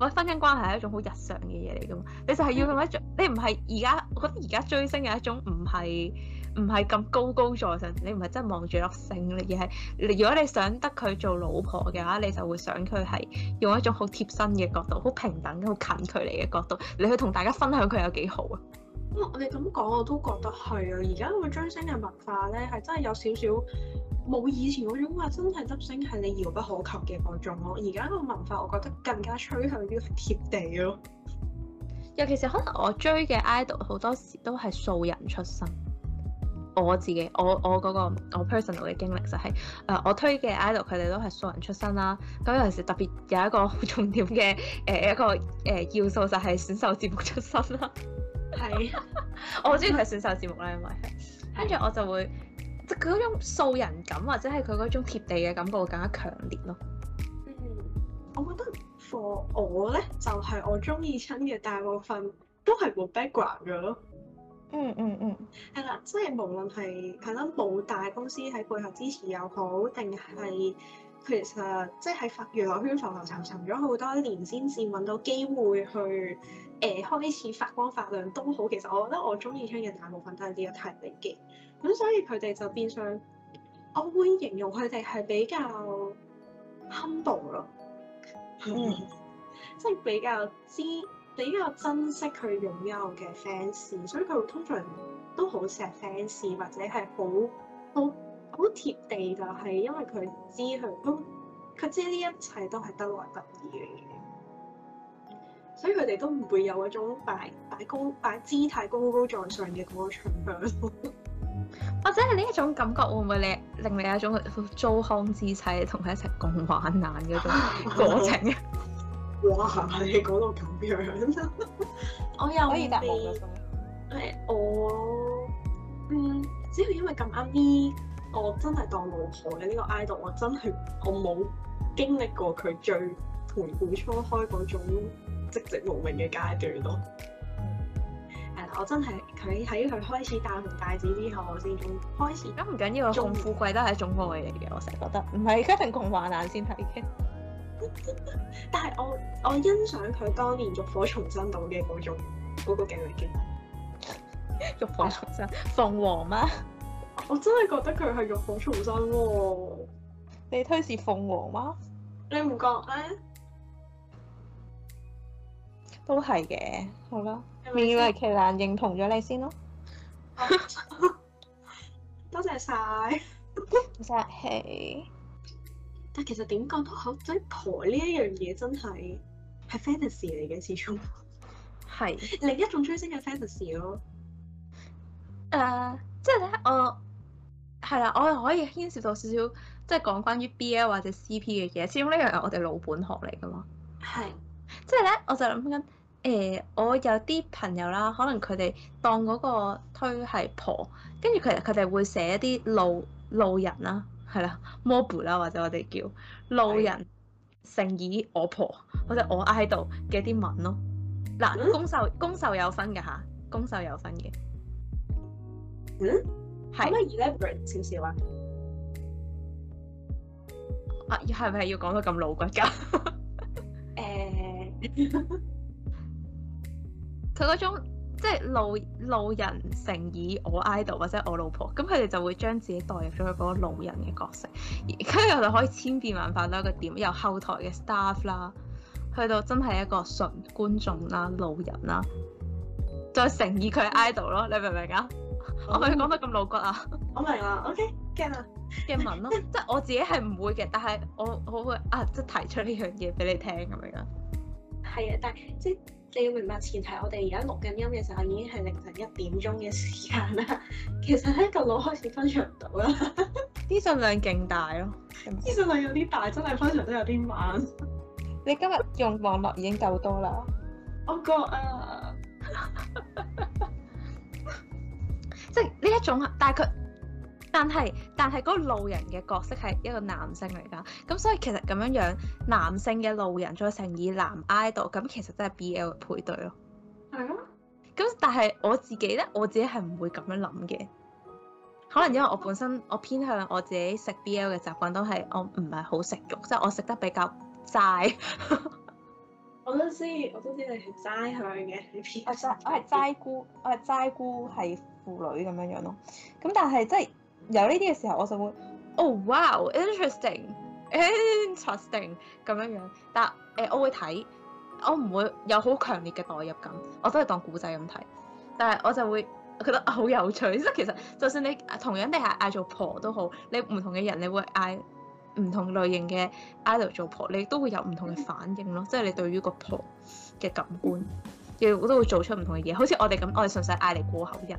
我婚姻關係係一種好日常嘅嘢嚟噶嘛，你就係要咁一種，你唔係而家，我覺得而家追星嘅一種唔係唔係咁高高在上，你唔係真係望住粒星，你而係如果你想得佢做老婆嘅話，你就會想佢係用一種好貼身嘅角度，好平等、好近距離嘅角度，你去同大家分享佢有幾好啊、嗯？我哋咁講我都覺得係啊，而家個追星嘅文化咧係真係有少少。冇以前嗰種話，真係執星係你遙不可及嘅嗰種咯。而家個文化，我覺得更加趨向於係貼地咯。尤其係，可能我追嘅 idol 好多時都係素人出身。我自己，我我嗰、那個我 personal 嘅經歷就係、是，誒、呃、我推嘅 idol 佢哋都係素人出身啦、啊。咁有陣時特別有一個好重點嘅誒、呃、一個誒要素就係選秀節目出身啦、啊。係、啊， [LAUGHS] 我好中意睇選秀節目啦，因為跟住我就會。佢嗰種素人感或者係佢嗰種貼地嘅感覺更加強烈咯。嗯，我覺得 for 我咧就係、是、我中意親嘅大部分都係冇 background 嘅咯。嗯嗯嗯，係啦，即係無論係係啦，冇大公司喺背後支持又好，定係、嗯、其實即係喺娛樂圈浮浮沉沉咗好多年先至揾到機會去誒、呃、開始發光發亮都好，其實我覺得我中意親嘅大部分都係呢一題嚟嘅。咁所以佢哋就變相，我會形容佢哋係比較 humble 咯，嗯、mm，hmm. [LAUGHS] 即係比較知，比較珍惜佢擁有嘅 fans，所以佢通常都好錫 fans，或者係好好好貼地，就係因為佢知佢都佢知呢一切都係得來不易嘅嘢，所以佢哋都唔會有嗰種擺擺高擺姿態高高在上嘅嗰個場。 [LAUGHS] 或者係呢一種感覺會唔會令令你有一種糟糠之妻同佢一齊共患難嗰種過程啊？哇，是是你講到咁樣， [LAUGHS] 我又可以答你我，我嗯，只要因為咁啱呢我真係當老婆嘅呢個 idol，我真係我冇經歷過佢最盤古初開嗰種寂寂無名嘅階段咯。我真係佢喺佢開始大紅大紫之後，我先開始。咁唔緊要，共文富貴都係一種愛嚟嘅。我成日覺得，唔係一定共患難先係嘅。 [LAUGHS] 但係我我欣賞佢當年浴火重生到嘅嗰種嗰、嗰個勁力勁。浴 [LAUGHS] 火重生，鳳凰咩？我真係覺得佢係浴火重生喎。你推是鳳凰嗎？你唔覺咩？都係嘅，好啦。勉為其難，認同咗你先咯。多 [LAUGHS] 謝晒。唔使氣。但其實點講都好，老婆呢一樣嘢真係係 fantasy 嚟嘅，始終係是另一種追星嘅 fantasy 咯。誒，即係咧，我係啦，我又可以牽涉到少少，即係講關於 BL 或者 CP 嘅嘢，始終呢樣係我哋老本學嚟嘅嘛。係是，即係咧，我就諗緊。誒、欸，我有啲朋友啦，可能佢哋當嗰個推係婆，跟住佢佢哋會寫啲路路人啦，係啦，mobile 啦或者我哋叫路人誠意我婆，或者我挨喺度嘅啲文咯。嗱，攻受攻受有分嘅嚇，攻受有分嘅。嗯，係可唔可以 elaborate 少少啊？啊，係 [LAUGHS] 咪、欸？係要講到咁老骨㗎？誒。佢嗰種即係路路人誠意我 idol 或者我老婆，咁佢哋就會將自己代入咗佢嗰個路人嘅角色，而佢又就可以千變萬化到一個點，由後台嘅 staff 啦，去到真係一個純觀眾啦、路人啦，再誠意佢 idol 咯，你明唔明啊？哦、我咪講得咁露骨啊？我明啊 OK，get 啊，get 文咯，即係我自己係唔會嘅，但係我好會啊，即係提出呢樣嘢俾你聽咁樣。係啊、嗯，但係即係。你要明白前提，我哋而家錄緊音嘅時候已經係凌晨一點鐘嘅時間啦。其實咧，個腦開始分唔到啦。呢 [LAUGHS] 信量勁大咯，哦，呢信量有啲大，真係分場得有啲慢。你今日用網絡已經夠多啦。我覺啊，即係呢一種，但係佢。但係，但係嗰路人嘅角色係一個男性嚟㗎，咁所以其實咁樣樣男性嘅路人再乘以男 idol，咁其實真係 B L 配對咯。係咯嗎。咁但係我自己咧，我自己係唔會咁樣諗嘅。可能因為我本身我偏向我自己食 B L 嘅習慣都係我唔係好食肉，即係我食得比較齋。 [LAUGHS] 我都知我，我都知你係齋向嘅，你偏我齋，我係齋姑，我係齋姑係婦女咁樣樣咯。咁但係即係。有呢啲嘅時候，我就會，oh wow，interesting，interesting，咁樣樣。但誒、呃，我會睇，我唔會有好強烈嘅代入感，我都係當古仔咁睇。但係我就會覺得好有趣。即係其實，就算你同樣地係嗌做婆都好，你唔同嘅人，你會嗌唔同類型嘅 idol 做婆，你都會有唔同嘅反應咯。即係你對於個婆嘅感官，亦都會做出唔同嘅嘢。好似我哋咁，我哋純粹嗌你過口癮。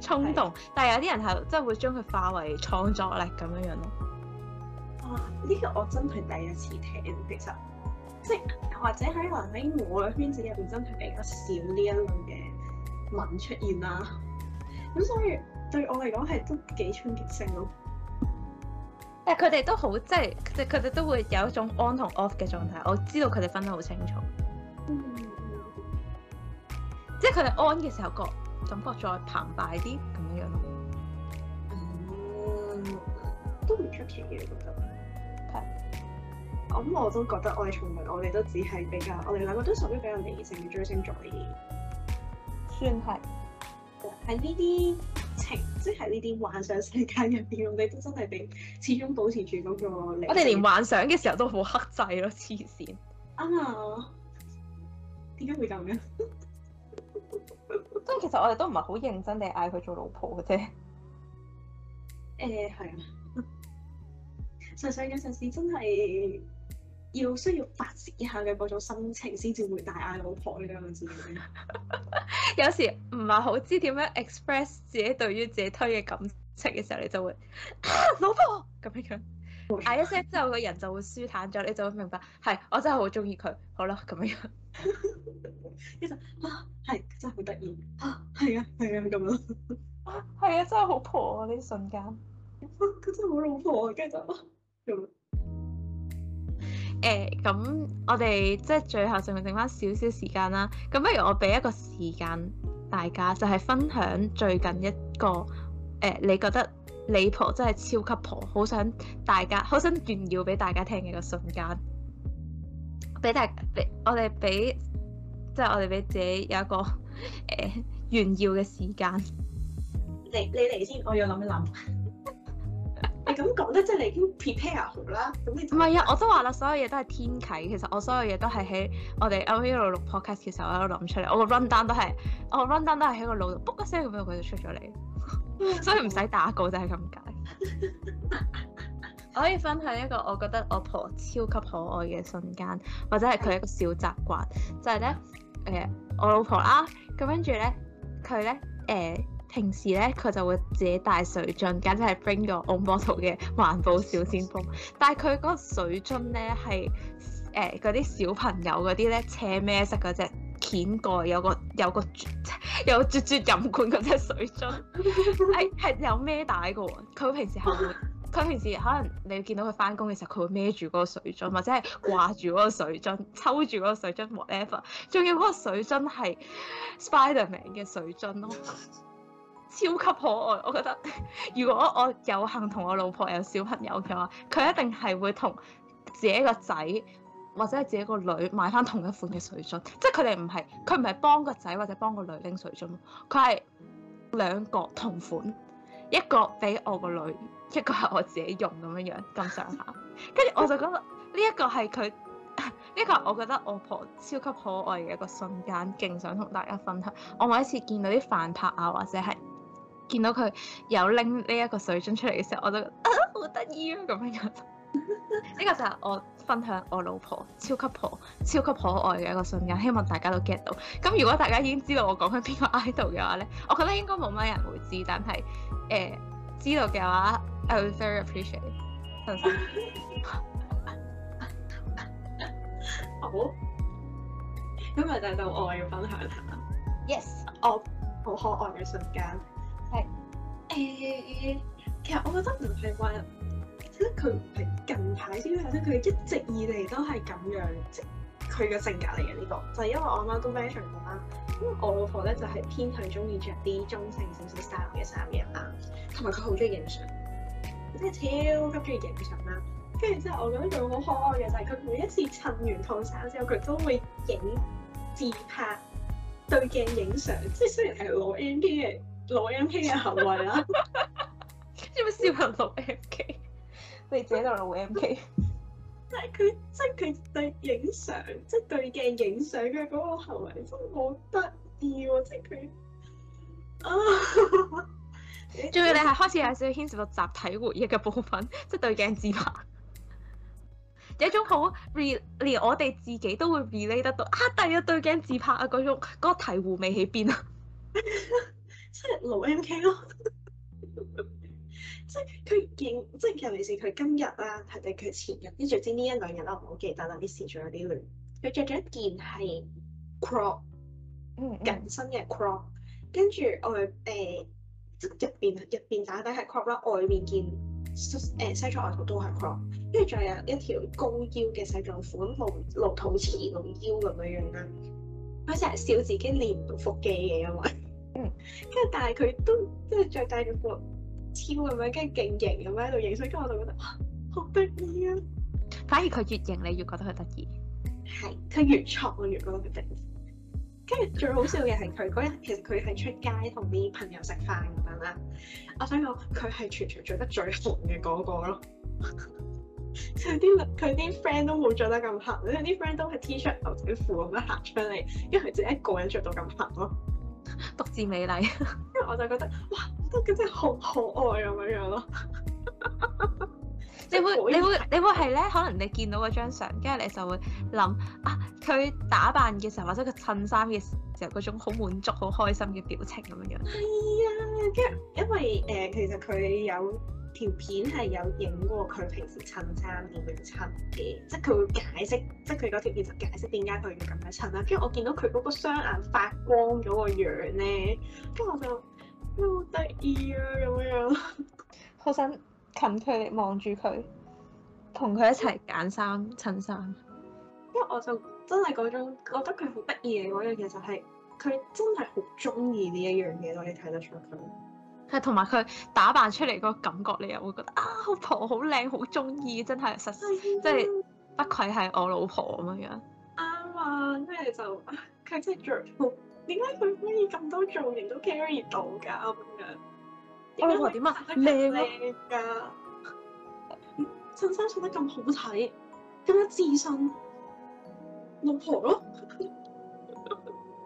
衝動，的但係有啲人係即係會將佢化為創作力咁樣樣咯。啊，呢個我真係第一次聽，其實即係或者喺喺我嘅圈子入邊，真係比較少呢一類嘅文出現啦。咁所以對我嚟講係都幾衝擊性咯。但佢哋都好即係，即係佢哋都會有一種 on 同 off 嘅狀態。我知道佢哋分得好清楚，嗯、即係佢哋 on 嘅時候覺。感覺再澎湃啲咁樣樣咯、嗯，都唔出奇嘅覺得對、嗯。我咁我都覺得我，我哋從來我哋都只係比較，我哋兩個都屬於比較理性嘅追星族嚟嘅，算係是。喺呢啲情，即係呢啲幻想世界入邊，我哋都真係比始終保持住嗰個。我哋連幻想嘅時候都好克制咯，黐線。啊？點解會咁樣？ [LAUGHS] 所以其實我哋都唔係好認真地嗌佢做老婆嘅啫、呃。誒係啊，實際有陣時真係要需要發泄一下嘅嗰種心情，先至會大嗌老婆呢種字。 [LAUGHS] 有時唔係好知點樣 express 自己對於自己推嘅感情嘅時候，你就會啊老婆咁樣樣。嗌一聲之後，個人就會舒坦咗，你就會明白。係，我真係好中意佢。好啦，咁樣樣。一陣 [LAUGHS] 啊，係真係好得意。啊，係啊，係啊，咁樣。啊，係啊，真係好婆啊！呢一瞬間。佢真係好老婆啊！跟住就咁。誒、 [LAUGHS] 欸，咁我哋即係最後仲剩翻少少時間啦。咁不如我俾一個時間大家，就係、是、分享最近一個誒、欸，你覺得？李婆真係超級婆，好想大家，好想炫耀俾大家聽嘅一個瞬間，俾大俾我哋俾，即係我哋俾自己有一個誒、欸、炫耀嘅時間。你你嚟先，我要諗一諗。 [LAUGHS] [LAUGHS] 你咁講咧，即係你已經 prepare 好啦。唔係啊，我都話啦，所有嘢都係天啟。其實我所有嘢都係喺我哋阿 Will 做錄 podcast 嘅時候，我都諗出嚟。我個 run down 都係，我個 run down 都係喺個腦度，卜一聲咁樣，佢就出咗嚟。所以唔使打稿就係咁解。 [LAUGHS] 我可以分享一個我覺得我婆超級可愛嘅瞬間，或者係佢一個小習慣，的就係咧誒我老婆啦、啊，咁跟住咧佢咧誒平時咧佢就會自己帶水樽，簡直係 bring your own bottle 嘅環保小先鋒。但係佢嗰個水樽咧，係誒嗰啲小朋友嗰啲咧車咩色嗰隻？掀蓋有個有個有個啜啜飲管咁嘅水樽，係 [LAUGHS] 係、哎、有孭帶嘅喎。佢平時係會佢平時可能你會見到佢翻工嘅時候，佢會孭住嗰個水樽，或者係掛住嗰個水樽，抽住嗰個水樽，whatever。仲要嗰個水樽係 Spiderman 嘅水樽咯，超級可愛。我覺得如果我有幸同我老婆有小朋友嘅話，佢一定係會同自己個仔。或者係自己個女買返同一款嘅水樽，即係佢哋唔係，佢唔係幫個仔或者幫個女拎水樽，佢係兩個同款，一個俾我個女，一個係我自己用咁樣樣咁上下。跟住 [LAUGHS] 我就覺得呢一個係佢，呢個我覺得我婆超級可愛嘅一個瞬間，勁想同大家分享。我每一次見到啲飯拍啊，或者係見到佢有拎呢一個水樽出嚟嘅時候，我就覺得啊好得意啊咁樣樣。呢 [LAUGHS] 個就係我分享我老婆超級婆，超級可愛嘅一個瞬間，希望大家都 get 到。咁如果大家已經知道我講緊邊個 idol 嘅話咧，我覺得應該冇乜人會知，但係誒、呃、知道嘅話，I will very appreciate，嗯。好，今日就到我要分享 Yes，我好可愛嘅瞬間係誒，其實我覺得唔係話。 [LAUGHS] Commander tones yes, oh, 佢唔係近排先或者佢一直以嚟都係咁樣，即佢嘅性格嚟嘅呢個，就係、是、因為我阿媽都 mention 咗啦。咁我老婆咧就係、是、偏向中意着啲中性少少 style 嘅衫嘅啦，同埋佢好中意影相，即係超級中意影相啦。跟住之後我覺得佢好可愛嘅，就係佢每一次襯完套衫之後，佢都會影自拍、對鏡影相，即係雖然係攞 MK 嘅攞 MK 嘅行為啦。有冇笑人攞 M K？你自己就老 M K，但係佢即係佢對影相，即係對，對鏡影相嘅嗰個行為真係好得意喎，即係佢。啊，仲 [LAUGHS] 要你係開始有少少牽涉到集體回憶嘅部分，即係對鏡自拍，有 [LAUGHS] 一種好 r e l 連我哋自己都會 relate 得到啊！第一對鏡自拍啊，嗰種嗰、嗰個提湖味喺邊啊， [LAUGHS] 即係是老露 M K 咯。 [LAUGHS] 即係佢見，即係尤其是佢今日啦，或者佢前日，跟住之呢一兩日我，我唔好記得啦。啲事仲有啲亂。佢着咗一件係 crop，緊身嘅 crop，跟住外誒、呃，即係入邊入邊打底係 crop 啦，外面件誒、呃、西裝外套都係 crop，跟住仲有一條高腰嘅西裝褲，咁露露肚臍露腰咁樣樣啦。佢成日笑自己練唔到腹肌嘅，因為，嗯，跟住 [LAUGHS] 但係佢都即係著戴咗。個。超咁樣，跟住勁型咁樣喺度影，所以跟住我就覺得哇，好得意啊！反而佢越型，你越覺得佢得意。係，佢越創越覺得佢得意。跟住最好笑嘅係佢嗰日， [LAUGHS] 其實佢係出街同啲朋友食飯咁樣啦。我想講佢係全場着得最紅嘅嗰個咯。佢啲佢啲 friend 都冇着得咁黑，佢啲 friend 都係 T 恤牛仔褲咁樣行出嚟，因為佢只一個人着到咁黑咯，獨自美麗。因 [LAUGHS] 為我就覺得哇！都嗰啲好可愛咁樣樣咯。 [LAUGHS] 你會你會你會係咧？可能你見到嗰張相，跟住你就會諗啊，佢打扮嘅時候，或者佢襯衫嘅時候嗰種好滿足、好開心嘅表情咁樣樣。係啊、哎，跟住因為誒、呃，其實佢有條片係有影過佢平時襯衫點樣襯嘅，即係佢會解釋，即係佢嗰條片就解釋點解佢要咁樣襯啦。跟住我見到佢嗰個雙眼發光嗰個樣咧，跟住我就。好得意啊，咁樣， [NOISE] 好想近距離望住佢，同佢一齊揀衫、襯衫。因為我就真係嗰種覺得佢好得意嘅嗰樣，嘢，就係佢真係好中意呢一樣嘢，都可以睇得出佢。係同埋佢打扮出嚟個感覺，你又會覺得啊，老婆好靚，好中意，真係實，即係 [NOISE] 不愧係我老婆咁樣。啱啊，跟住就佢 [LAUGHS] 真係着點解佢可以咁多造型都 carry 到噶咁樣？我老婆點啊？靚咯，襯衫襯得咁好睇，咁樣自信，老婆咯，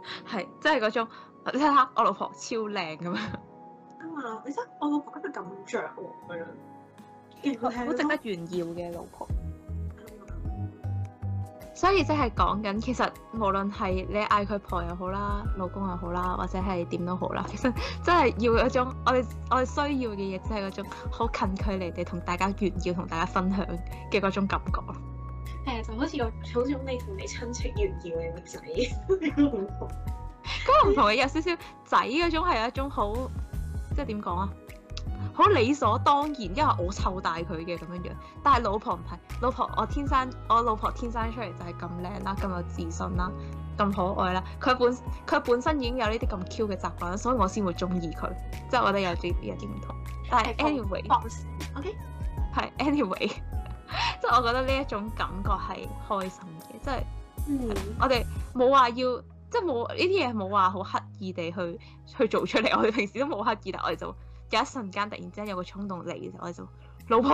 啊，係， [LAUGHS] 即係嗰種你睇下，我老婆超靚咁樣。啊嘛，你睇我老婆今日咁着喎，佢好整得炫耀嘅老婆。所以即係講緊，其實無論係你嗌佢婆又好啦，老公又好啦，或者係點都好啦，其實真係要有一種我哋我哋需要嘅嘢，即係嗰種好近距離地同大家炫耀、同大家分享嘅嗰種感覺咯。誒就好似我好中意同你親戚炫耀你個仔，咁唔同，咁唔同嘅有少少仔嗰種係有一種好，即係點講啊？好理所當然，因為我湊大佢嘅咁樣樣，但係老婆唔係，老婆我天生我老婆天生出嚟就係咁靚啦，咁有自信啦，咁可愛啦，佢本佢本身已經有呢啲咁 Q 嘅習慣，所以我先會中意佢，即係我覺得有啲有啲唔同。但係 anyway，OK，係 anyway，即係我覺得呢一種感覺係開心嘅，即係、mm hmm. 我哋冇話要，即係冇呢啲嘢冇話好刻意地去去做出嚟，我哋平時都冇刻意，但我哋就。有一瞬間突然之間有個衝動嚟嘅時候，我哋就老婆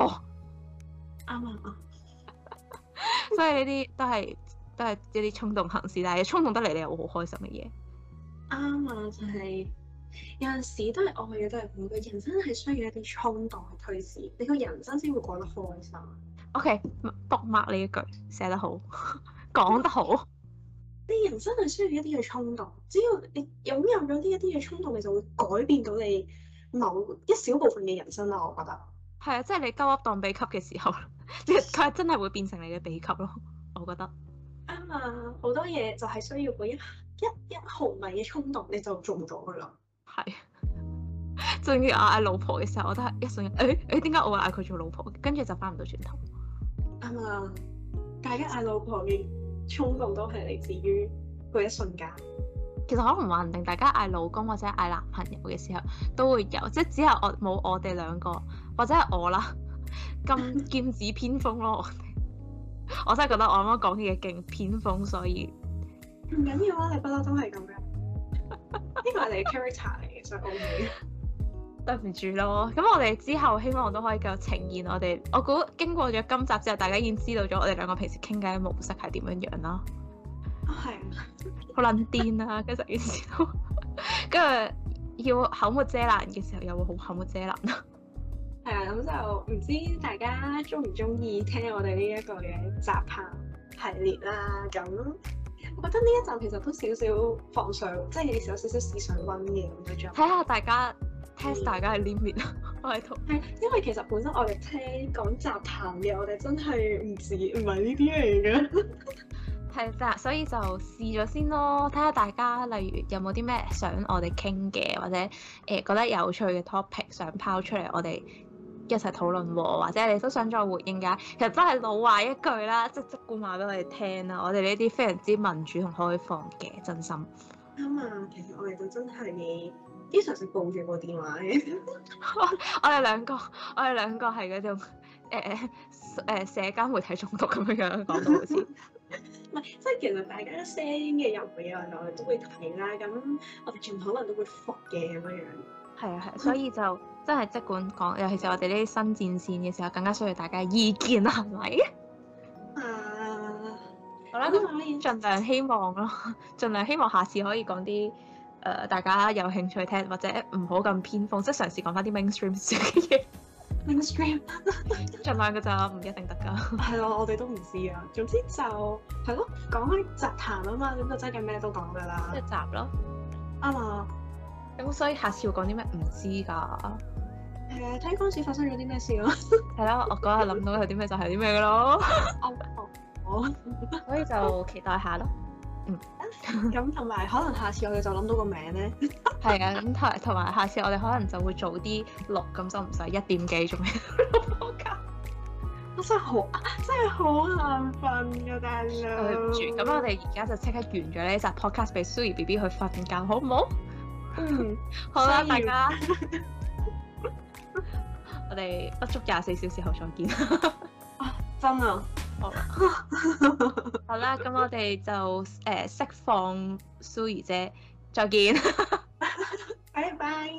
啱啊，嗯嗯、 [LAUGHS] 所以呢啲都係都係一啲衝動行事，但係衝動得嚟你咧，係好開心嘅嘢。啱啊、嗯，就係、是、有陣時都係愛嘅，都係恐懼。人生係需要一啲衝動去推事，你個人生先會過得開心。O K，搏麥呢一句，寫得好，講 [LAUGHS] 得好。你人生係需要一啲嘅衝動，只要你擁有咗呢一啲嘅衝動，你就會改變到你。某一小部分嘅人生啦，我覺得係啊， [NOISE] 即係你鳩噏當秘笈嘅時候，佢真係會變成你嘅秘笈咯，我覺得啱啊！好、嗯、多嘢就係需要嗰一一一毫米嘅衝動，你就做咗噶啦。係，終於我嗌老婆嘅時候，我，欸欸我嗯、都係一瞬間，誒誒，點解我會嗌佢做老婆，跟住就翻唔到轉頭。啱啊！大家嗌老婆嘅衝動都係嚟自於嗰一瞬間。其實可能話唔定，大家嗌老公或者嗌男朋友嘅時候都會有，即係只係我冇我哋兩個或者係我啦，咁劍指偏鋒咯。我真係覺得我啱啱講啲嘢勁偏鋒，所以唔緊要啊！你不嬲都係咁樣，呢個係 [LAUGHS] 你 character 嚟嘅，所以、OK、 [LAUGHS] 對唔住咯。咁我哋之後希望都可以繼呈現我哋。我估經過咗今集之後，大家已經知道咗我哋兩個平時傾偈嘅模式係點樣樣啦。係、oh,。好撚癲啦，跟住食嘢時候，跟住要口沫遮攔嘅時候，又會好口沫遮攔咯。係啊，咁就唔知大家鍾唔鍾意聽我哋呢一個嘅雜談系列啦。咁我覺得呢一集其實都少少放鬆，即係有少少時尚溫嘅咁樣。睇下大家 test 大家係黏唔黏啊！我係同係因為其實本身我哋聽講雜談嘅，我哋真係唔止唔係呢啲嚟嘅。 [NOISE] [LAUGHS] 係啦，所以就試咗先咯，睇下大家例如有冇啲咩想我哋傾嘅，或者誒、呃、覺得有趣嘅 topic 想拋出嚟，我哋一齊討論，或者你都想再回應嘅，其實真係老話一句啦，即即管話俾我哋聽啦，我哋呢啲非常之民主同開放嘅，真心咁、嗯、啊！其實我哋就真係經常性報住個電話 [LAUGHS] [LAUGHS] 我哋兩個，我哋兩個係嗰種誒誒、呃、社交媒體中毒咁樣樣講到好似～ [LAUGHS] 即係其實大家都聲嘅入嚟啊，我哋都會睇啦。咁我哋全部人都會覆嘅咁樣樣。係啊係，所以就真係即管講，尤其是我哋啲新戰線嘅時候，更加需要大家嘅意見啦，係咪？啊，好啦，咁我已經盡量希望咯，盡量希望下次可以講啲誒大家有興趣聽，或者唔好咁偏鋒，即係嘗試講翻啲 mainstream 嘅嘢。stream [LAUGHS] 盡量嘅就唔一定得㗎。係咯， [LAUGHS] 我哋都唔知啊。總之就係咯，講開 [LAUGHS] 集談啊嘛，咁就真係咩都講㗎啦。一集咯，啱啊吧。咁所以下次會講啲咩唔知㗎。誒、欸，睇嗰陣時發生咗啲咩事咯。係 [LAUGHS] 咯，我嗰日諗到有啲咩就係啲咩㗎咯。啱，好，所以就期待下咯。嗯，咁同埋可能下次我哋就諗到個名咧，係 [LAUGHS] 啊， [LAUGHS] 咁同埋下次我哋可能就會早啲錄，咁就唔使一點幾仲咩，我真係好，真係好眼瞓噶，但係對唔住，咁我哋而家就即刻完咗呢集 Podcast，俾 Sue BB 去瞓覺，好唔好？嗯， [LAUGHS] 好啦、啊， [LAUGHS] 大家， [LAUGHS] [LAUGHS] 我哋不足廿四小時後再見 [LAUGHS] 啊！真啊～好啦， [LAUGHS] 咁我哋就誒釋放 Sue 姐，再見，拜 [LAUGHS] 拜。